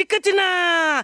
dikkati na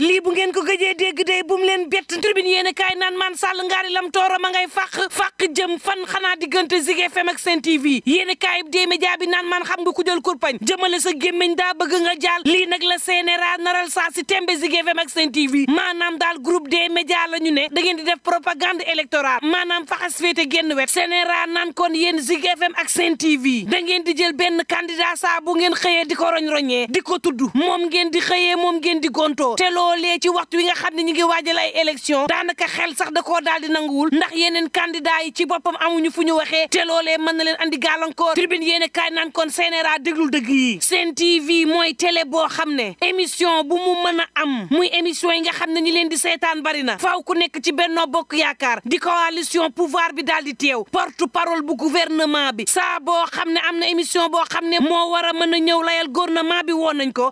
lii bu ngeen ko gëjee dégg day bu mu leen bet tribune yéen a kaay naan maan sàll ngaari lam toora ma ngay fàq fàq jëm fan xanaa diggante Zik FM ak Sen TV yéen a kaay dee média bi naan maan xam nga ku jël kurpañ jëmale sa gémmiñ daa bëgg nga jaal lii nag la seene CNRA naral saa si tembe Zik FM ak Sen TV maanaam daal groupe des médias la ñu ne da ngeen di def propagande électorale maanaam faxas féete génn wet CNRA naan kon yéen Zik FM ak Sen TV da ngeen di jël benn candidat saa bu ngeen di ko roñ roñee di ko tudd moom ngeen di xëyee moom ngeen di gontoo te loolee ci waxtu wi nga xam ne ñu ngi waajal ay élection daanaka xel sax da koo daal di nanguwul ndax yeneen candidat yi ci boppam amuñu fu ñu waxee te loolee mën na leen andi gàllankoor tribune yéene kaay naan kon CNRA déglul dëgg yi seen ti vi mooy télé boo xam ne émission bu mu mën a am muy émission yi nga xam ne ñi leen di seetaan bari na faaw ku nekk ci Benno Bokk Yaakaar di coalition pouvoir bi daal di teew porte parole bu gouvernement bi saa boo xam ne am na émission boo xam ne moo war mën a ñëw layal gouvernement bi woon nañ ko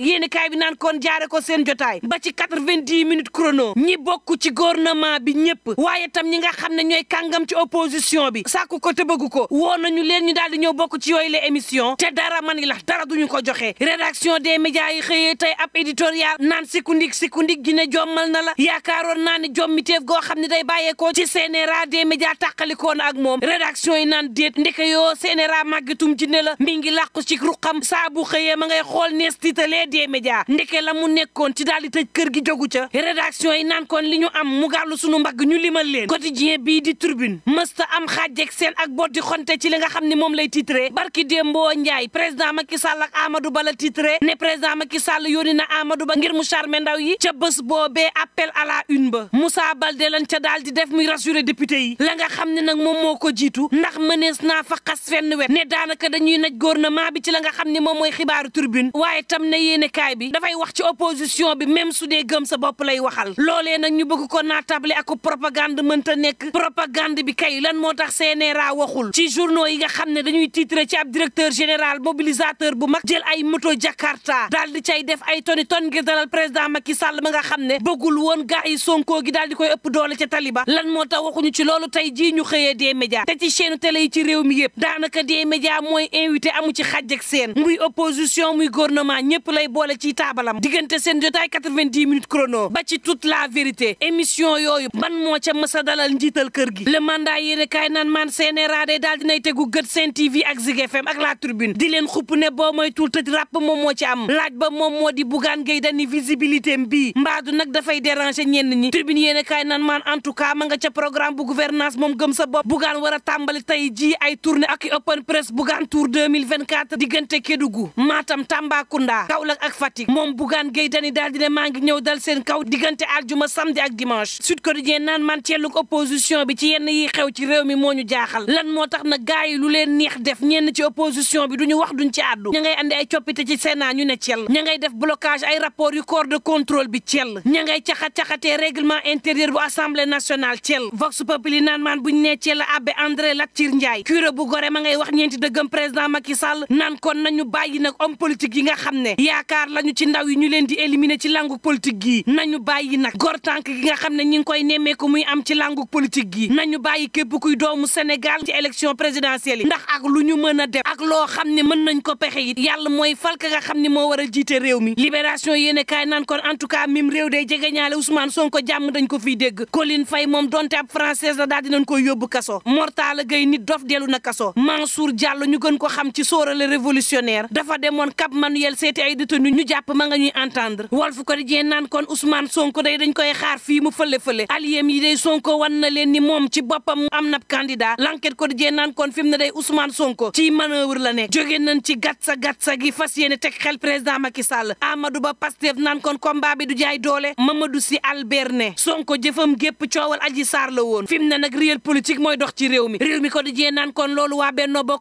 seen jotaay ba ci quatre-vingt-dix minutes chrono ñi bokk ci gouvernement bi ñëpp waaye tam ñi nga xam ne ñooy kàngam ci opposition bi sàkku ko te bëgg ko woo ñu leen ñu daal di ñëw bokk ci yooyu émission te dara man la dara duñu ko joxe rédaction des médias yi xëyee tey ab éditorial naan sikundik sikundik gi ne jommal na la yaakaaroon naa ne jommiteef goo xam ne day bàyyeekoo ci CNRA des médias tàqalikoon ak moom rédaction yi naan déet ndeke yoo CNRA ci ne la mi ngi làqu ci ruqam saa bu xëyee ma ngay xool nees tiitalee des médias ndeke nekkoon ci daal tëj kër gi jogu ca rédaction yi naan kon li ñu am mu gàllu sunu mbagg ñu limal leen quotidien bii di tribune mësta am xaajeg seen ak botti xonte ci li nga xam ni moom lay titré barki Dembo Ndiaye président Macky Sall ak Amadou Ba la titré ne président Macky Sall yónni na Ba ngir mu charmer ndaw yi ca bés boobee appel à ba Moussa Baldé lañ di def muy rassuré député yi la nga xam ne nag moom moo ko jiitu ndax mënees naa fa xas fenn wet ne daanaka dañuy naj gouvernement bi ci la nga xam ni moom mooy xibaaru tribune waaye tam ne yéene kaay bi dafay wax ci opposition opposition bi même su dee gëm sa bopp lay waxal loolee nag ñu bëgg ko naatable ak propagande mënta nekk propagande bi kay lan moo tax CNRA waxul ci journaux yi nga xam ne dañuy titre ci ab directeur général mobilisateur bu mag jël ay moto Jakarta daal di cay def ay toni ton ngir dalal président i Sall ma nga xam ne bëggul woon gaa yi Sonko gi daal di koy ëpp doole ca taliba lan moo tax waxuñu ci loolu tey jii ñu xëyee des médias te ci chaîne télé yi ci réew mi yëpp daanaka des médias mooy invité amu ci xàjj ak seen muy opposition muy gouvernement ñëpp lay boole ci taabalam diggante seen jotaay 90 minutes chrono ba ci toute la vérité émission yooyu ban moo ca mës a dalal njiital kër gi le mandat yéene kaay naan maan CNRA de daal dinay tegu gët Sen TV ak Zik FM ak La Tribune di leen xupp ne boo mooy tul tëj ràpp moom moo ci am laaj ba moom moo di Bougane Gueye Dany visibilité mbii mbaadu nag dafay déranger ñenn ñi Tribune yéene kaay naan maan en tout cas ma nga ca programme bu gouvernance moom gëm sa bopp Bougane war a tàmbali tey ji ay tournée ak open press Bougane Tour 2024 diggante Kédougou Matam Tambacounda Kaolack ak Fatick moom Bougane Gueye Mauritanie daal di ne maa ngi ñëw dal seen kaw diggante aljuma samedi ak dimanche Sud Quotidien naan man teeluk opposition bi ci yenn yi xew ci réew mi moo ñu jaaxal lan moo tax na gaay lu leen neex def ñenn ci opposition bi du ñu wax duñ ci addu ña ngay andi ay coppite ci Sénat ñu ne cell ña ngay def blocage ay rapport yu corps de contrôle bi cell ña ngay caxat-caxatee règlement intérieur bu assemblée nationale cell vox populi naan maan buñ ne cell abbé André Latyr Ndiaye curé bu gore ma ngay wax ñeenti dëggam président Macky Sall naan kon nañu bàyyi nag homme politique yi nga xam ne yaakaar lañu ci ndaw yi ñu leen di éliminer ci langu politique gi nañu bàyyi nag gor tànk gi nga xam ne ñi ngi koy nemmeeku muy am ci langu politique gi nañu bàyyi képp kuy doomu Sénégal ci élection présidentielle yi ndax ak lu ñu mën a def ak loo xam ne mën nañ ko pexe it yàlla mooy fal ka nga xam ni moo war a jiite réew mi libération yéene kaay nan kon en tout cas mim réew day jege ñaale Ousmane Sonko jàmm dañ ko fiy dégg Colline fay moom donte ab française la daal dinañ koy yóbbu kaso Mortala gay ni dof dellu na kaso Mansour Diallo ñu gën ko xam ci sóorale révolutionnaire dafa demoon Cap ñu jàpp ma nga ñuy entendre défendre Walf Quotidien naan kon Ousmane Sonko day dañ koy xaar fii fële-fële alliéem yi day Sonko wan na leen ni moom ci boppam am na candidat L'Enquête Quotidien naan kon fi mu day Ousmane Sonko ci manœuvre la nekk jóge nañ ci gatsa gatsa gi fas yéene teg xel président Macky Sall Amadou Ba Pastef naan kon combat bi du jaay doole Mamadou Sy Albert ne Sonko jëfam gépp coowal Adji Sarr la woon fi mu ne nag réel politique mooy dox ci réew mi réew mi Quotidien naan kon loolu waa Benno boo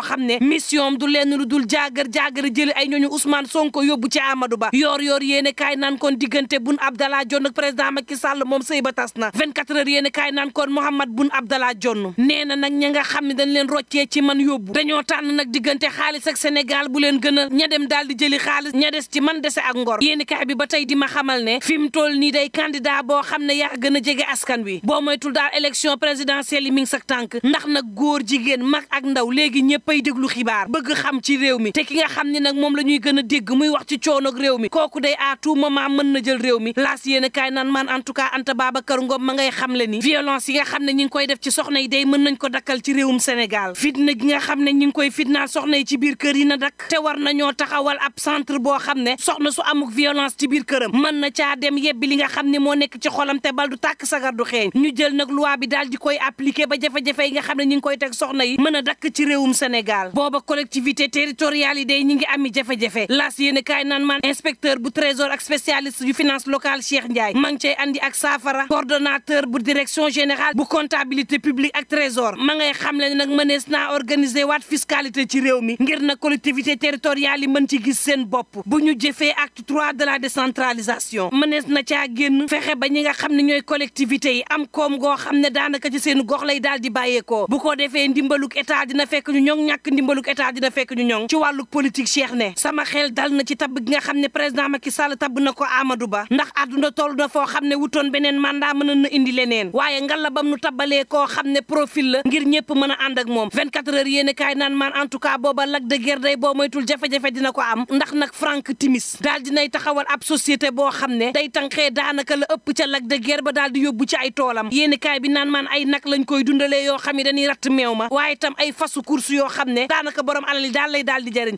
xam ne mission du jëli ay ñooñu Ousmane Sonko yóbbu ci Amadou Ba yoor yoor yéene kaay naan kon diggante Boun Abdallah Dionne président Macky Sall moom sëy ba tas na 24 heures yéene kaay naan kon Mouhamed Boun Abdallah Dionne nee na nag ña nga xam ne dañ leen roccee ci man yóbbu dañoo tànn nag diggante xaalis ak Sénégal bu leen gënal ña dem daal di jëli xaalis ña des ci man dese ak ngor yéene kaay bi ba tey di ma xamal ne fi mu toll nii day candidat boo xam ne yaa gën a jege askan wi boo moytul daal élection présidentielle yi mi ngi sa tànk ndax nag góor jigéen mag ak ndaw léegi ñëppay déglu xibaar bëgg xam ci réew mi moom la ñuy gën a dégg muy wax ci coonog réew mi kooku day à tout moment mën na jël réew mi laas yéen a kaay naan man en tout cas Anta Babacar Ngom ma ngay xamle ni violence yi nga xam ne ñi ngi koy def ci soxna yi day mën nañ ko dakkal ci réewum Sénégal fitna gi nga xam ne ñi ngi koy fitnaal soxna yi ci biir kër yi na dakk te war nañoo taxawal ab centre boo xam ne soxna su amuk violence ci biir këram mën na caa dem yebbi li nga xam ne moo nekk ci xolam te bal du tàkk sagar du xeeñ ñu jël nag loi bi daal di koy appliquer ba jafe-jafe yi nga xam ne ñi ngi koy teg soxna yi mën a dakk ci Sénégal booba collectivité territoriale yi day ñi ngi am ami jafe-jafe laas yéene kaay naan maan inspecteur bu trésor ak spécialiste yu finance locale Cheikh Ndiaye ma ngi cay andi ak saafara coordonnateur bu direction générale bu comptabilité publique ak trésor ma ngay xamle ne nag mënees naa organiser waat fiscalité ci réew mi ngir na collectivité territoriale yi mën ci gis seen bopp bu ñu jëfee acte trois de la décentralisation mënees na caa génn fexe ba ñi nga xam ne ñooy collectivités yi am koom goo xam ne daanaka ci seen gox lay daal di bàyyeekoo bu ko defee ndimbaluk état na fekk ñu ñoŋ ñàkk ndimbaluk état dina fekk ñu ñoŋ ci wàllu politique Cheikh Cheikh ne sama xel dal na ci tabb gi nga xam ne président Macky Sall tabb na ko Amadou Ba ndax àdduna toll na foo xam ne wutoon beneen mandat mënoon na indi leneen waaye ngalla bam nu tabbalee koo xam ne profil la ngir ñëpp mën a ànd ak moom 24 heures yéen a naan maan en tout cas booba lak de guerre moytul jafe dina ko am ndax nag Frank Timis daal nay taxawal ab société boo xam ne day tànqee daanaka la ëpp ca lag de guerre ba daal di yóbbu ci ay toolam yéen kaay bi naan man ay nag lañ koy dundalee yoo xam ne dañuy ratt meew ma waaye tam ay fasu course yoo xam ne daanaka borom alal yi daal lay daal di jëriñ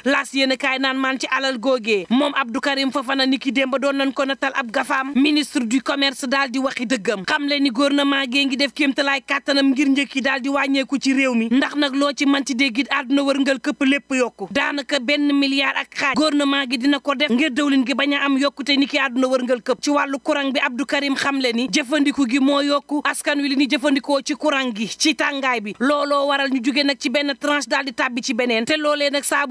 kaay naan maan ci alal googee moom Abdou Karim Fofana ni ki démb doon nañ ko natal ab gafaam ministre du commerce daal di waxi dëggam xam le ni gouvernement gée ngi def kéemtalaay kàttanam ngir njëkk yi daal di wàññeeku ci réew mi ndax nag loo ci man ci déggit àdduna wërngal këpp lépp yokku daanaka benn milliard ak xaaj gouvernement gi dina ko def ngir dëwlin gi bañ a am yokkute ni ki àdduna wërngal këpp ci wàllu courant bi Abdou Karim xam le ni jëfandiku gi moo yokku wi li jëfandikoo ci courant gi ci tàngaay bi looloo waral ñu jóge nag ci benn tranche daal di tàbbi ci beneen te loolee nag saa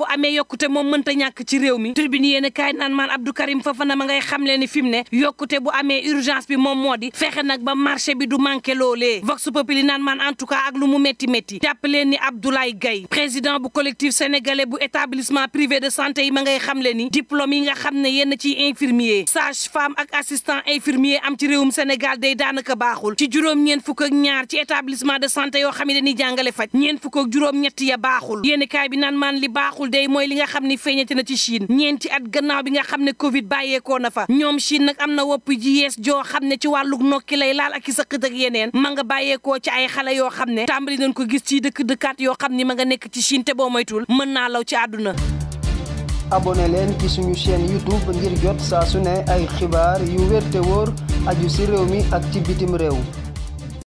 mënta ñàkk ci réew mi tribune yéen a kaay naan maan Abdou Karim Fofana ma ngay xam leen ni fi mu ne yokkute bu amee urgence bi moom moo fexe nag ba marché bi du manqué loolee vox populi naan maan en tout cas ak lu mu métti métti jàpp ni Abdoulaye Gaye président bu collectif sénégalais bu établissement privé de sante yi ma ngay xam ni diplôme yi nga xam ne yenn ci infirmier sage femme ak assistant infirmier am ci réewum Sénégal day daanaka baaxul ci juróom-ñeent fukk ñaar ci établissement de santé yoo xam feeñati na ci Chine ñeenti at gannaaw bi nga xam ne Covid bàyyeekoo na fa ñoom Chine nag am na wopp ji yees joo xam ne ci wàllu nokki lay laal ak i sëqët dëkk yeneen ma nga bàyyeekoo ci ay xale yoo xam ne tàmbali nañ ko gis ci dëkk dëkkaat yoo xam ni ma nga nekk ci Chine te boo moytul mën naa law ci àdduna abonné leen ci suñu chaîne youtube ngir jot saa su ne ay xibaar yu wér te wóor aju si réew mi ak ci bitim réew